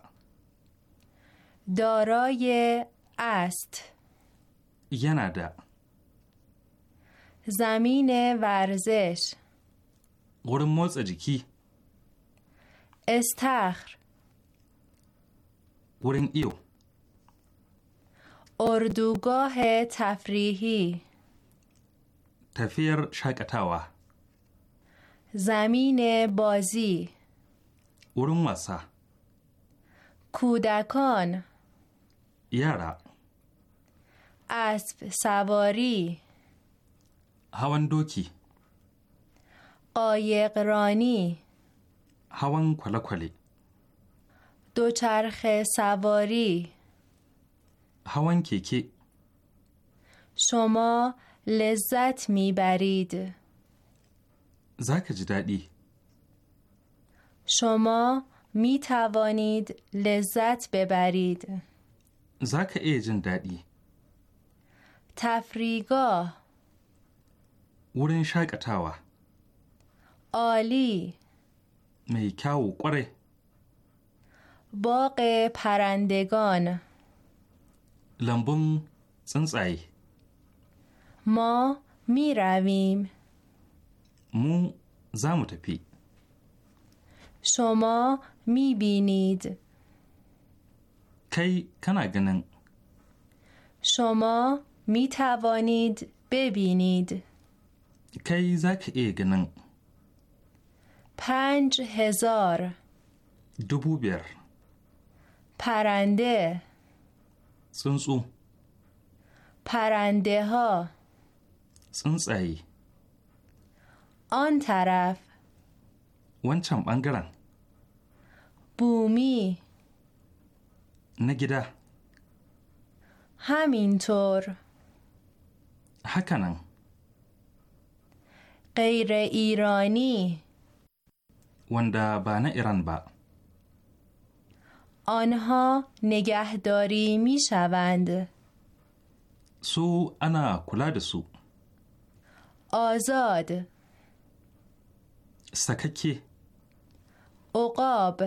دارای است یندا زمین ورزش قرم موز اجیکی استخر قرن ایو اردوگاه تفریحی تفیر شاکتاوا زمین بازی ورون واسا کودکان یارا اسب سواری هواندوکی، دوکی قایقرانی هوان کلکلی دوچرخه سواری هوان کیکی شما لذت میبرید زکج دادی. شما می توانید لذت ببرید زک ایجن دادی تفریگاه ورن شاکتاوا عالی می قره باغ پرندگان لمبون سنسای ما می رویم مو زمت پی شما می بینید کی گنن؟ شما می توانید ببینید کی زک ایگنن پنج هزار بیر. پرنده سنسو پرنده ها tsuntsaye. On taraf. Wancan ɓangaren. Bumi. Na gida. Hamintor. Hakanan. Ƙaire Irani. Wanda ba na Iran ba. آنها نگهداری می شوند. سو انا کلا سو. آزاد سککی اقاب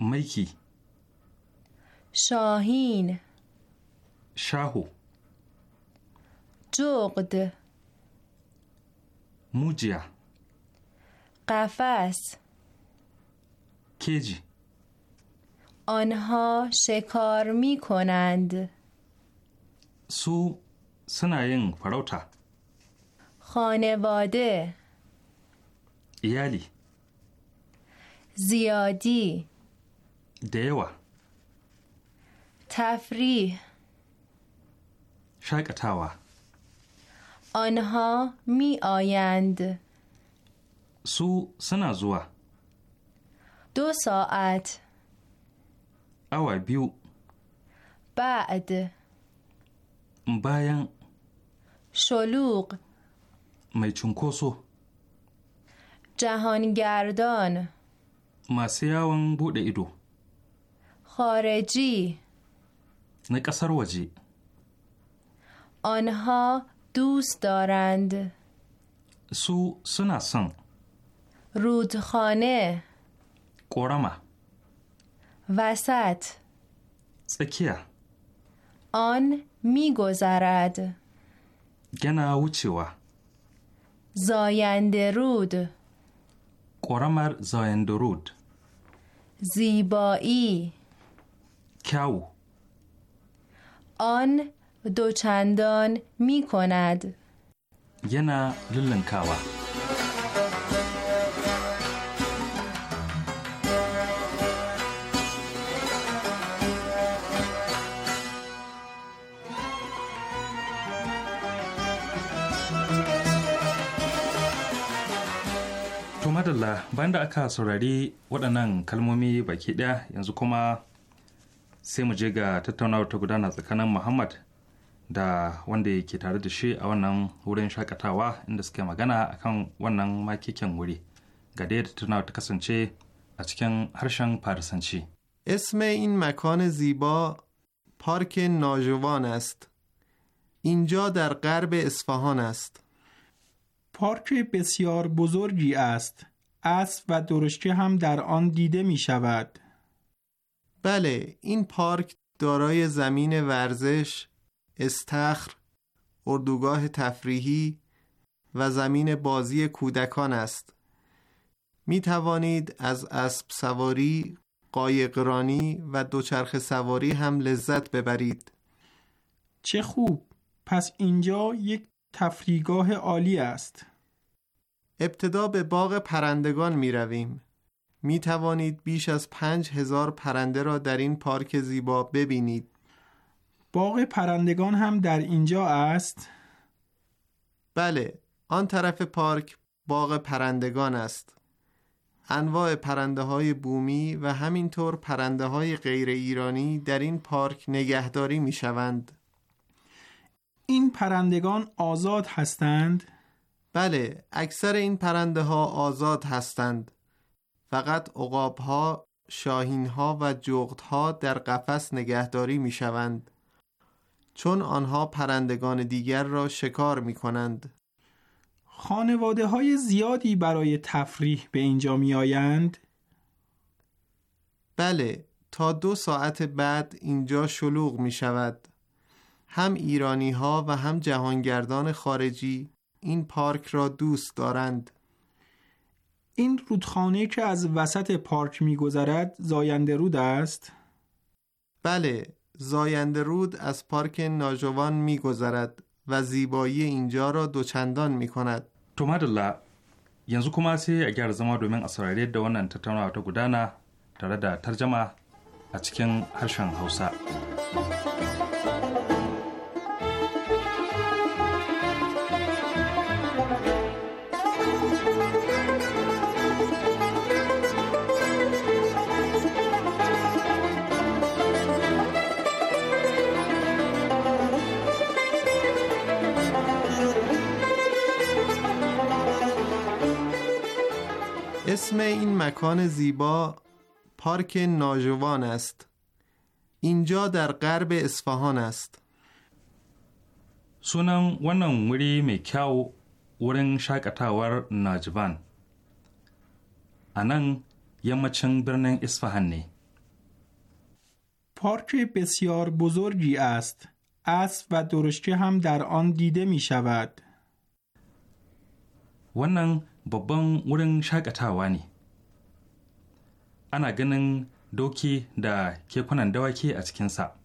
میکی شاهین شاهو جغد موجیا قفس کیجی آنها شکار می کنند سو سناین فروتا خانواده یالی زیادی دیوه تفریح شاکتاوا آنها می آیند سو زوا دو ساعت اول بیو بعد باین شلوغ می چونکوسو جهانگردان گردان بود bude ایدو خارجی نکسر وجی آنها دوست دارند. سو سنا رودخانه کورما وسط سکیا آن میگذرد گنا وچوا زاینده رود قرامر زاینده رود زیبایی کو آن دوچندان می کند یه نه للنکاوه madalla bayan da aka saurari waɗannan kalmomi baki ɗaya yanzu kuma sai mu je ga tattaunawar ta gudana tsakanin muhammad da wanda ke tare da shi a wannan wurin shakatawa inda suke magana akan wannan makikin wuri ga da tattaunawar ta kasance a cikin harshen farisanci اسم این مکان زیبا پارک ناجوان است اینجا در غرب اصفهان است پارک بسیار بزرگی است اسب و درشکه هم در آن دیده می شود. بله این پارک دارای زمین ورزش، استخر، اردوگاه تفریحی و زمین بازی کودکان است. می توانید از اسب سواری، قایقرانی و دوچرخه سواری هم لذت ببرید. چه خوب! پس اینجا یک تفریگاه عالی است. ابتدا به باغ پرندگان می رویم. می توانید بیش از پنج هزار پرنده را در این پارک زیبا ببینید. باغ پرندگان هم در اینجا است؟ بله، آن طرف پارک باغ پرندگان است. انواع پرنده های بومی و همینطور پرنده های غیر ایرانی در این پارک نگهداری می شوند. این پرندگان آزاد هستند؟ بله اکثر این پرنده ها آزاد هستند فقط اقاب ها شاهین ها و جغد ها در قفس نگهداری می شوند چون آنها پرندگان دیگر را شکار می کنند خانواده های زیادی برای تفریح به اینجا می آیند؟ بله تا دو ساعت بعد اینجا شلوغ می شود هم ایرانی ها و هم جهانگردان خارجی این پارک را دوست دارند این رودخانه که از وسط پارک میگذرد زاینده رود است بله زاینده رود از پارک ناجوان میگذرد و زیبایی اینجا را دوچندان می کند. تو madalla, yanzu kuma اگر زما دومین zama دا a saurari da wannan tattaunawa ترجمه ا هرشن اسم این مکان زیبا پارک ناجوان است اینجا در غرب اصفهان است سونن ونن وری می کیاو ورن شاکتاور ناجوان انن یمچن برنن اصفهان نه پارک بسیار بزرگی است اسب و درشکه هم در آن دیده می شود ونن babban wurin shakatawa ne ana ganin doki da kekunan dawaki a cikinsa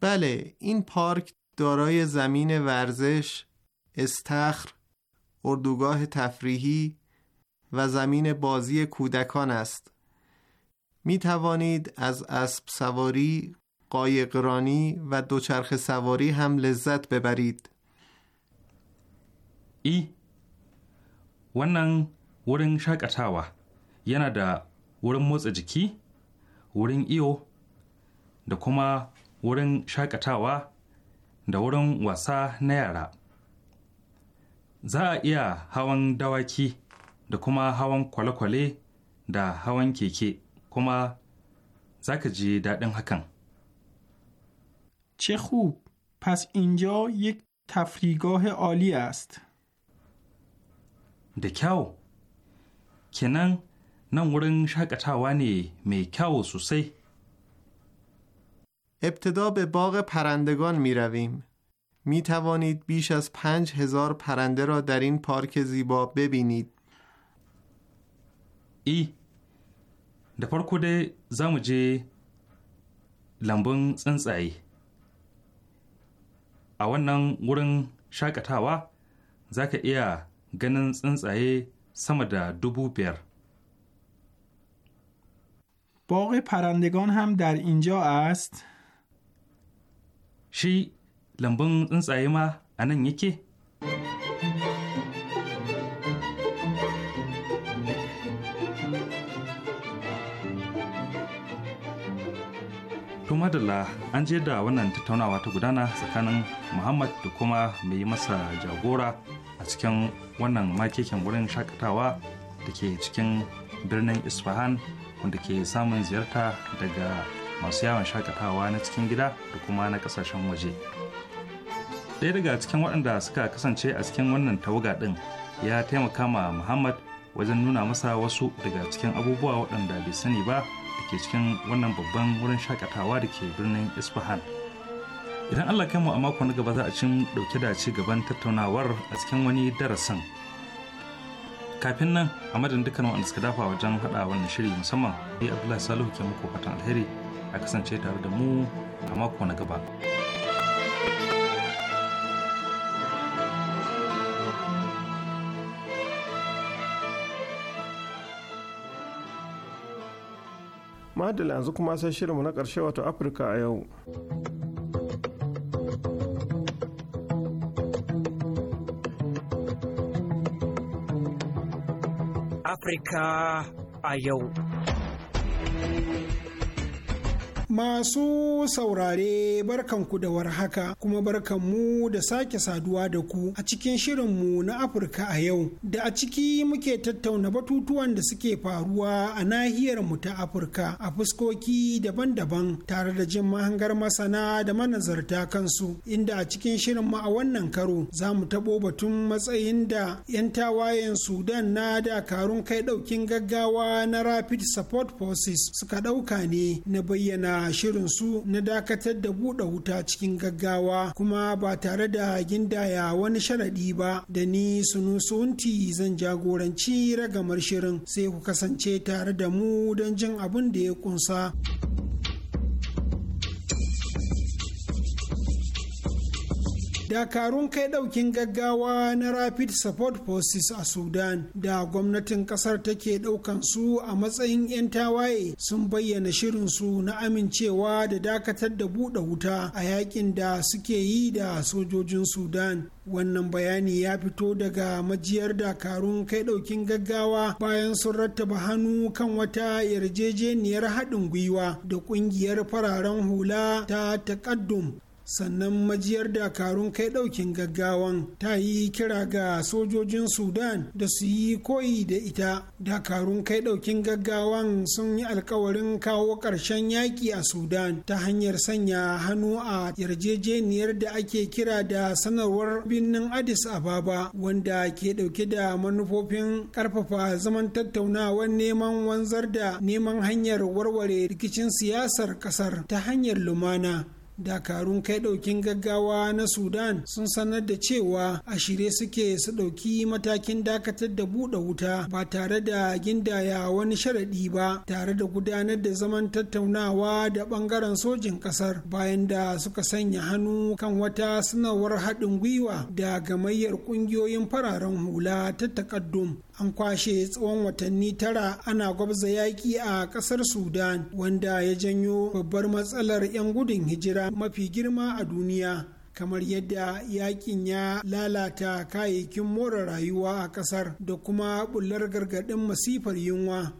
بله این پارک دارای زمین ورزش، استخر، اردوگاه تفریحی و زمین بازی کودکان است. می توانید از اسب سواری، قایقرانی و دوچرخه سواری هم لذت ببرید. ای wannan wurin shakatawa yana da wurin motsa jiki wurin iyo da kuma wurin shakatawa da wurin wasa na yara za a iya hawan dawaki da kuma hawan kwale-kwale da hawan keke kuma za ka ji daɗin hakan. چه خوب پس اینجا یک تفریگاه عالی da kyau kenan nan wurin shakatawa ne mai kyau sosai. ابتدا به باغ پرندگان می رویم. می توانید بیش از پنج هزار پرنده را در این پارک زیبا ببینید. ای در پارکو ده زموجه لنبون سنس ای. اوان نان گرن شاکتاوا زاک ایا ganin tsuntsaye sama da dubu biyar. باغ پرندگان هم در اینجا است؟ شی لمبن تsuntsaye ما anan yake? la an je da wannan tattaunawa ta gudana tsakanin muhammad da kuma mai masa jagora cikin wannan makeken wurin shakatawa da ke cikin birnin isfahan wanda ke samun ziyarta daga masu yawon shakatawa na cikin gida da kuma na kasashen waje ɗaya daga cikin waɗanda suka kasance a cikin wannan tawaga ɗin ya taimaka ma muhammad wajen nuna masa wasu daga cikin abubuwa waɗanda bai sani ba da ke cikin wannan babban wurin shakatawa da ke birnin isfahan idan allah kai mu a mako na gaba za a cin dauke da ci gaban tattaunawar a cikin wani darasin kafin nan a madadin dukkan wanda suka dafa wajen hada wannan shiri musamman ni abdullahi salihu ke muku fatan alheri a kasance tare da mu a mako na gaba. madala yanzu kuma sai shirinmu na karshe wato afirka a yau Africa, a Masu saurare barkan ku da warhaka kuma barkanmu da sake saduwa da ku a cikin shirin mu na Afirka a yau da a ciki muke tattauna batutuwan da suke faruwa a nahiyar mu ta Afirka a fuskoki daban-daban tare da jin mahangar masana da manazarta kansu inda a cikin shirin mu a wannan karo za mu taɓo batun matsayin da 'yan tawayen Sudan na dakarun kai ɗaukin gaggawa na Rapid Support Forces suka ɗauka ne na bayyana shirin su na dakatar da buɗe wuta cikin gaggawa kuma ba tare da gindaya wani sharaɗi ba da ni sunusunti zan jagoranci ragamar shirin sai ku kasance tare da mu don jin abin da ya kunsa. dakarun kai daukin gaggawa na rapid support forces a sudan da gwamnatin kasar take daukan su a matsayin 'yan tawaye sun bayyana shirin su na amincewa da dakatar da buɗe wuta a yakin da suke yi da sojojin sudan wannan bayani ya fito daga majiyar dakarun kai daukin gaggawa bayan sun rattaba hannu kan wata yarjejeniyar haɗin gwiwa da ƙungiyar fararen hula ta takaddum sannan majiyar dakarun kai daukin gaggawan ta yi kira ga sojojin sudan da su yi koyi da ita dakarun kai daukin gaggawan sun yi alkawarin kawo ƙarshen yaƙi a sudan ta hanyar sanya hannu a yarjejeniyar da ake kira da sanarwar birnin addis ababa wanda ke dauke da manufofin ƙarfafa zaman tattaunawar neman wanzar da neman hanyar warware rikicin siyasar ƙasar ta hanyar lumana dakarun kai daukin gaggawa na sudan sun sanar da cewa a shirye suke su dauki matakin dakatar da buɗe wuta ba tare da gindaya wani sharaɗi ba tare da gudanar da zaman tattaunawa da ɓangaren sojin ƙasar bayan da suka sanya hannu kan wata sanarwar haɗin gwiwa da gamayyar ƙungiyoyin fararen hula ta takaddum an kwashe tsawon watanni tara ana gwabza yaƙi a ƙasar sudan wanda ya janyo babbar matsalar 'yan gudun hijira mafi girma a duniya kamar yadda yakin ya lalata kayayyakin more rayuwa a kasar da kuma bullar gargaɗin masifar yunwa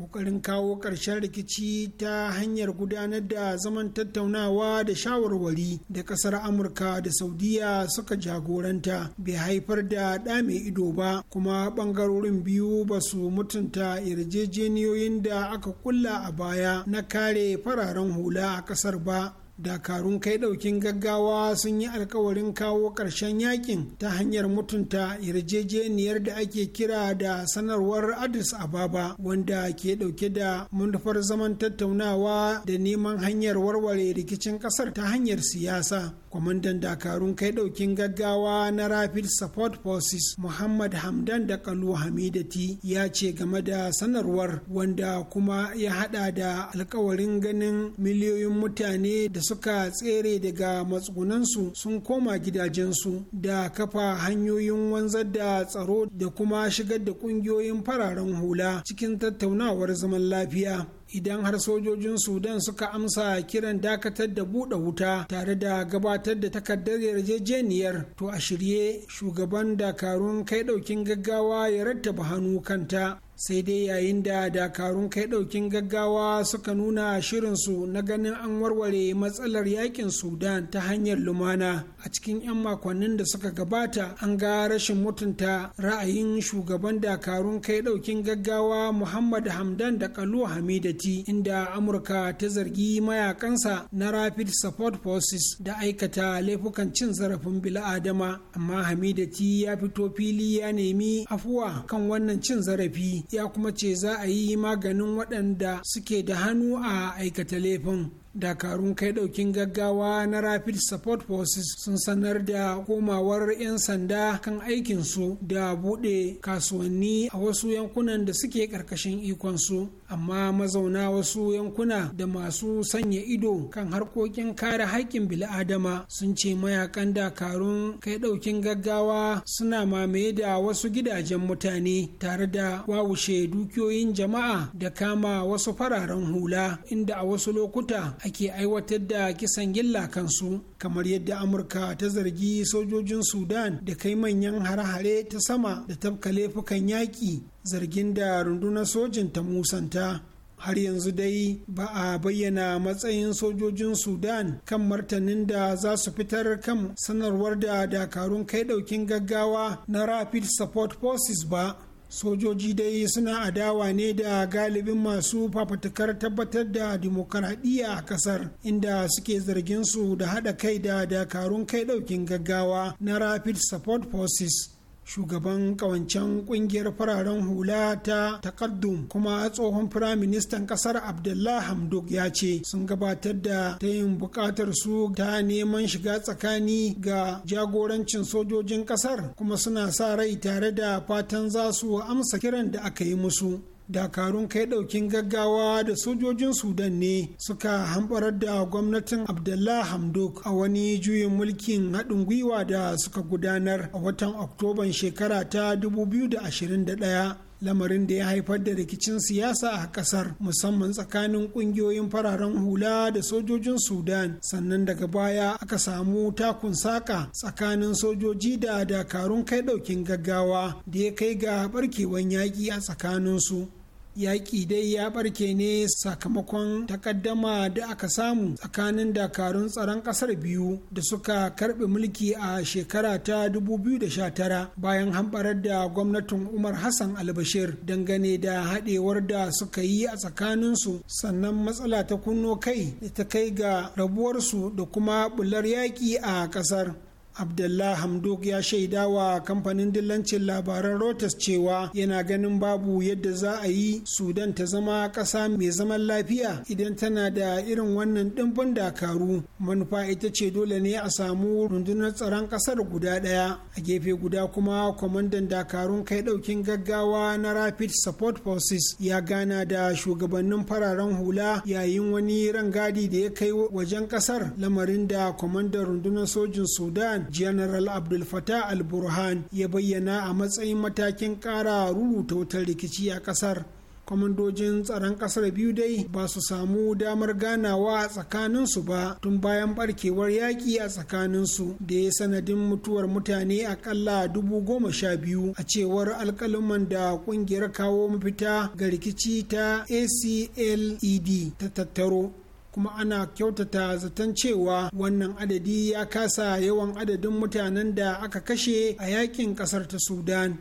ƙoƙarin kawo ƙarshen rikici ta hanyar gudanar da zaman tattaunawa da shawarwari da ƙasar amurka da saudiya suka jagoranta bai haifar da ɗa mai ido ba kuma ɓangarorin biyu ba su mutunta yarjejeniyoyin da aka kulla a baya na kare fararen hula a ƙasar ba dakarun kai daukin gaggawa sun yi alkawarin kawo ƙarshen yakin ta hanyar mutunta yarjejeniyar da ake kira da sanarwar addis ababa wanda ke dauke da manufar zaman tattaunawa da neman hanyar warware rikicin kasar ta hanyar siyasa kwamandan dakarun kai daukin gaggawa na rapid support forces muhammad hamdan da kalu hamidati ya ce game da sanarwar wanda kuma ya hada da alkawarin ganin miliyoyin mutane da suka tsere daga matsugunansu sun koma gidajensu da kafa hanyoyin wanzar da tsaro da kuma shigar da kungiyoyin fararen hula cikin tattaunawar zaman lafiya idan har sojojin sudan suka amsa kiran dakatar da buɗe wuta tare da gabatar da takardar yarjejeniyar to a shirye shugaban dakarun kai ɗaukin gaggawa ya rattaba hannu kanta sai dai yayin da dakarun kai ɗaukin gaggawa suka nuna shirinsu na ganin an warware matsalar yakin sudan ta hanyar lumana a cikin 'yan makonnin da suka gabata an ga rashin mutunta ra'ayin shugaban dakarun kai ɗaukin gaggawa muhammad hamdan da kalu hamidati inda amurka ta zargi mayakansa na rapid support forces da aikata laifukan cin zarafin bil'adama amma hamidati ya fito fili ya nemi afuwa kan wannan cin zarafi ya kuma ce za a yi maganin waɗanda suke da hannu a aikata laifin dakarun kai daukin gaggawa na rapid support forces sun sanar da komawar 'yan sanda kan aikinsu da buɗe kasuwanni a wasu yankunan da suke ƙarƙashin ikonsu amma mazauna wasu yankuna da masu sanya ido kan harkokin kare haƙƙin bil'adama sun ce mayakan dakarun kai daukin gaggawa suna mamaye da wasu gidajen mutane tare da wawushe dukiyoyin jama'a da kama wasu fararen hula inda a wasu lokuta ake aiwatar da kisan gilla kansu kamar yadda amurka ta zargi sojojin sudan da kai manyan hare-hare ta sama da tafka laifukan yaƙi zargin da rundunar sojin ta musanta har yanzu dai ba a bayyana matsayin sojojin sudan kan martanin da za su fitar kan sanarwar da dakarun kai daukin gaggawa na rapid support forces ba sojoji dai suna adawa ne da galibin masu fafatukar tabbatar da dimokuraɗiyya a kasar inda suke zargin su da haɗa kai da dakarun kai ɗaukin gaggawa na rapid support forces shugaban kawancen kungiyar fararen hula ta takaddum kuma tsohon firaministan kasar abdullah hamdok ya ce sun gabatar da ta yin bukatar su ta neman shiga tsakani ga jagorancin sojojin kasar kuma suna sa rai tare da fatan za su amsa kiran da aka yi musu dakarun kai daukin gaggawa da sojojin sudan ne suka hamɓarar da gwamnatin abdullah hamdok a wani juyin mulkin haɗin gwiwa da suka gudanar a watan oktoban shekara ta 2021 lamarin da ya haifar da rikicin siyasa a kasar musamman tsakanin kungiyoyin fararen hula da sojojin sudan sannan daga baya aka samu takun saka tsakanin sojoji da dakarun kai daukin gaggawa da ya kai ga barkewan yaƙi a tsakaninsu yaƙi dai ya ɓarke ne sakamakon takaddama da aka samu tsakanin dakarun tsaron ƙasar biyu da suka karɓe mulki a shekara ta 2019 bayan hamɓarar da gwamnatin umar hassan albashir dangane da haɗewar da suka yi a tsakaninsu sannan matsala ta kunno kai da ta kai ga rabuwarsu da kuma bular yaƙi a ƙasar Abdullah Hamdok ya shaida wa kamfanin dillancin labaran Reuters cewa yana ganin babu yadda za a yi Sudan ta zama kasa mai zaman lafiya idan tana da irin wannan dimbin dakaru. Manufa ita ce dole ne a samu rundunar tsaron kasar guda daya. A gefe guda kuma kwamandan dakarun kai daukin gaggawa na Rapid Support Forces ya gana da shugabannin fararen hula yayin wani rangadi da ya kai wajen kasar lamarin da kwamandan rundunar sojin Sudan iran general abdul Fattah al-burhan ya bayyana a matsayin matakin ƙara rubuta wutar rikici a ƙasar. kwamandojin tsaron ƙasar biyu dai ba su samu damar ganawa a tsakaninsu ba tun bayan barkewar yaƙi a tsakaninsu da ya sanadin mutuwar mutane akalla dubu goma sha biyu a cewar alkaliman da ƙungiyar kawo mafita ga rikici ta acled ta tattaro kuma ana kyautata zaton cewa wannan adadi ya kasa yawan adadin mutanen da aka kashe a yakin kasar ta sudan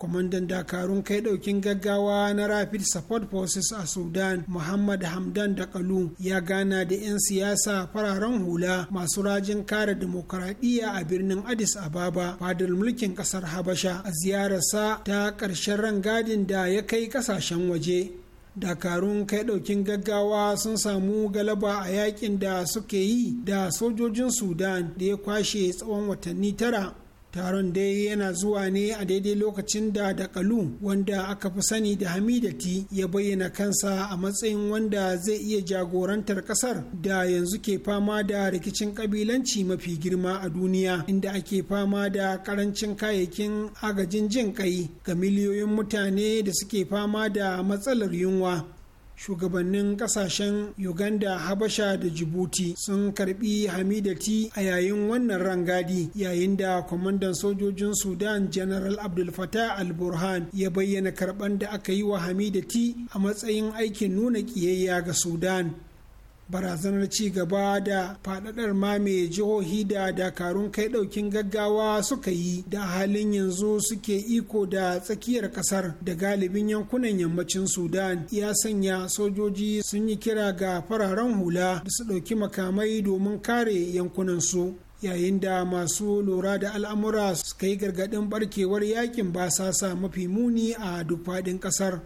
kwamandan dakarun kai daukin gaggawa na rapid support forces a sudan muhammad hamdan dakalu ya gana da 'yan siyasa fararen hula masu rajin kare demokuraɗiyya a birnin addis ababa fadar mulkin kasar habasha a ziyararsa ta ƙarshen rangadin da ya kai kasashen waje dakarun kai daukin gaggawa sun samu galaba a yakin da suke yi da sojojin sudan da ya kwashe tsawon watanni tara taron dai yana zuwa ne a daidai lokacin da dakalu wanda aka fi sani da hamidati ya bayyana kansa a matsayin wanda zai iya jagorantar kasar da yanzu ke fama da rikicin kabilanci mafi girma a duniya inda ake fama da karancin kayayyakin agajin jin kai ga miliyoyin mutane da suke fama da matsalar yunwa shugabannin kasashen uganda habasha da jibuti sun karbi hamidati a yayin wannan rangadi yayin da kwamandan sojojin sudan general abdul fatah al-burhan ya bayyana karban da aka yi wa hamidati a matsayin aikin nuna kiyayya ga sudan barazanar ci gaba da faɗaɗar mame jihohi da dakarun kai ɗaukin gaggawa suka yi da halin yanzu suke iko da tsakiyar ƙasar da galibin yankunan yammacin sudan ya sanya sojoji sun yi kira ga fararen hula da su ɗauki makamai domin kare yankunansu yayin da masu lura da al'amura suka yi gargaɗin barkewar yakin basasa mafi muni a duk faɗin ƙasar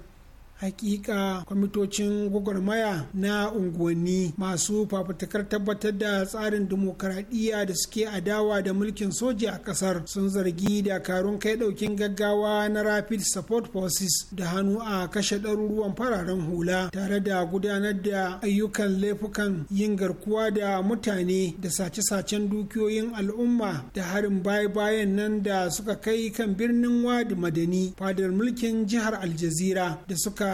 hakika kwamitocin gwagwarmaya na unguwanni masu fafutukar tabbatar da tsarin dimokuraɗiyya da suke adawa da mulkin soja a ƙasar sun zargi dakarun kai ɗaukin gaggawa na rapid support forces da hannu a kashe ɗaruruwan fararen hula tare da gudanar da ayyukan laifukan yin garkuwa da mutane da sace-sacen dukiyoyin al'umma da harin baya-bayan nan da suka kai kan birnin wadi madani fadar mulkin jihar aljazira da suka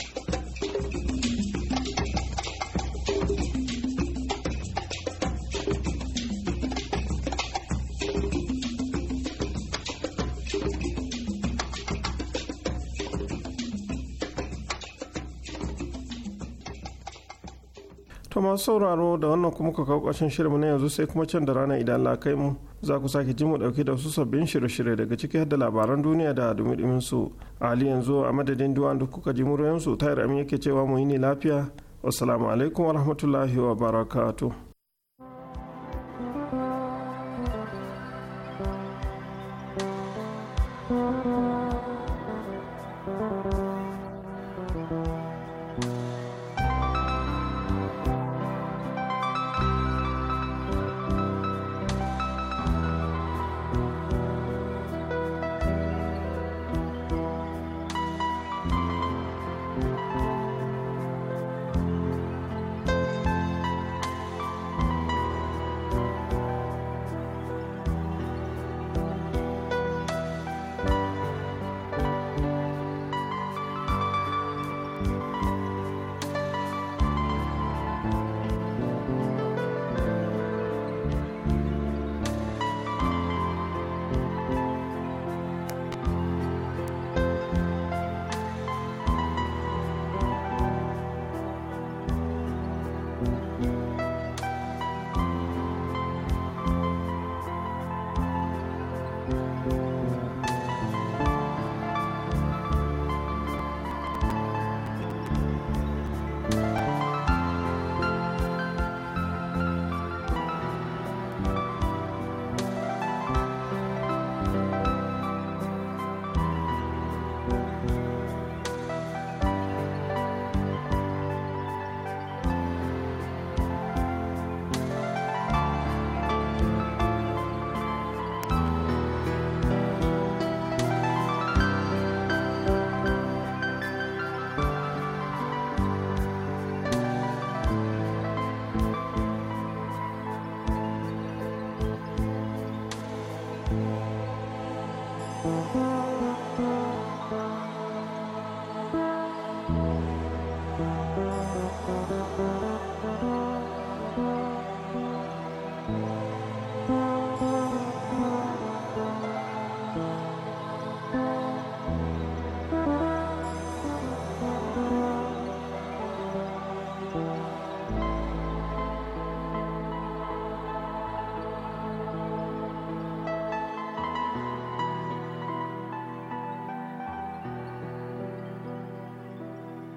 to masu sauraro da wannan kuma ka kawo ƙarshen shirinmu na yanzu sai kuma can da rana idan la kai mu za ku sake ji mu ɗauki da wasu sabbin shirye-shirye daga ciki har da labaran duniya da dumi su ali yanzu a madadin duwan da kuka ji muryoyin su tayar amin yake cewa mu yi ne lafiya wassalamu alaikum wa barakatuh.